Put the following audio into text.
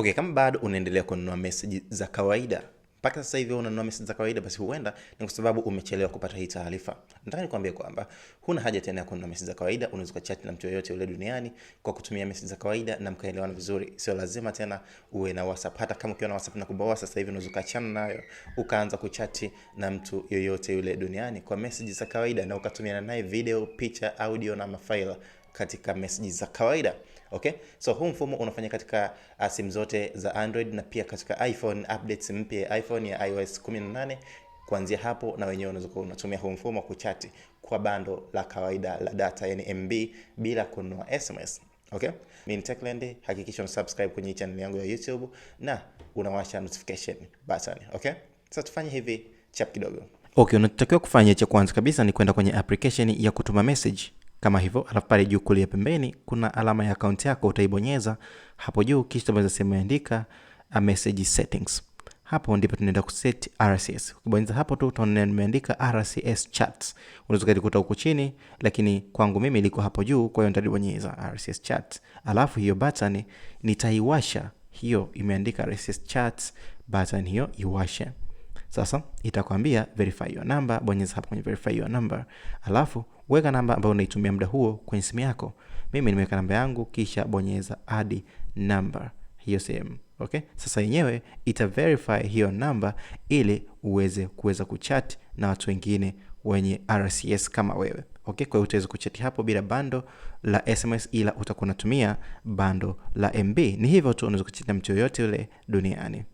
Okay, kama bado unaendelea kununua message za kawaida mpaka sasa hivi unanunua message za kawaida, basi huenda ni kwa sababu umechelewa kupata hii taarifa. Nataka nikwambie kwamba huna haja tena ya kununua message za kawaida. Unaweza kuchat na mtu yoyote yule duniani kwa kutumia message za kawaida na mkaelewana vizuri. Sio lazima tena uwe na WhatsApp. Hata kama ukiwa na WhatsApp na kubawa, sasa hivi unaweza kuachana nayo ukaanza kuchati na mtu yoyote yule duniani kwa message za kawaida na ukatumiana naye video, picha, audio na mafaila katika messages za kawaida okay. So huu mfumo unafanya katika uh, simu zote za Android na pia katika iPhone. Updates mpya ya iPhone ya iOS 18 kuanzia hapo, na wenyewe unaweza unatumia huu mfumo wa kuchati kwa bando la kawaida la data, yani MB bila kununua SMS. Okay, mimi ni Techland, hakikisha unasubscribe kwenye channel yangu ya YouTube na unawasha notification button. Okay, sasa so, tufanye hivi chap kidogo. Okay, unatakiwa kufanya cha kwanza kabisa ni kwenda kwenye application ya kutuma message kama hivyo, alafu pale juu kulia pembeni kuna alama ya akaunti yako, utaibonyeza hapo juu, kisha utabonyeza sehemu imeandika message settings. Hapo ndipo tunaenda kuset RCS. Ukibonyeza hapo tu utaona nimeandika RCS chats Unaweza kulikuta huko chini, lakini kwangu mimi iliko hapo juu, kwa hiyo nitabonyeza RCS chat. Alafu hiyo button nitaiwasha, hiyo imeandika RCS chats button, hiyo iwashe. Sasa itakwambia verify your number, bonyeza hapa kwenye verify your number, alafu weka namba ambayo unaitumia muda huo kwenye simu yako. Mimi nimeweka namba yangu, kisha bonyeza add number hiyo sehemu. Okay, sasa yenyewe ita verify hiyo namba ili uweze kuweza kuchat na watu wengine wenye RCS kama wewe. Okay, kwa hiyo utaweza kuchati hapo bila bando la SMS ila utakuwa unatumia bando la MB. Ni hivyo tu unaweza kuchati na mtu yoyote yule duniani.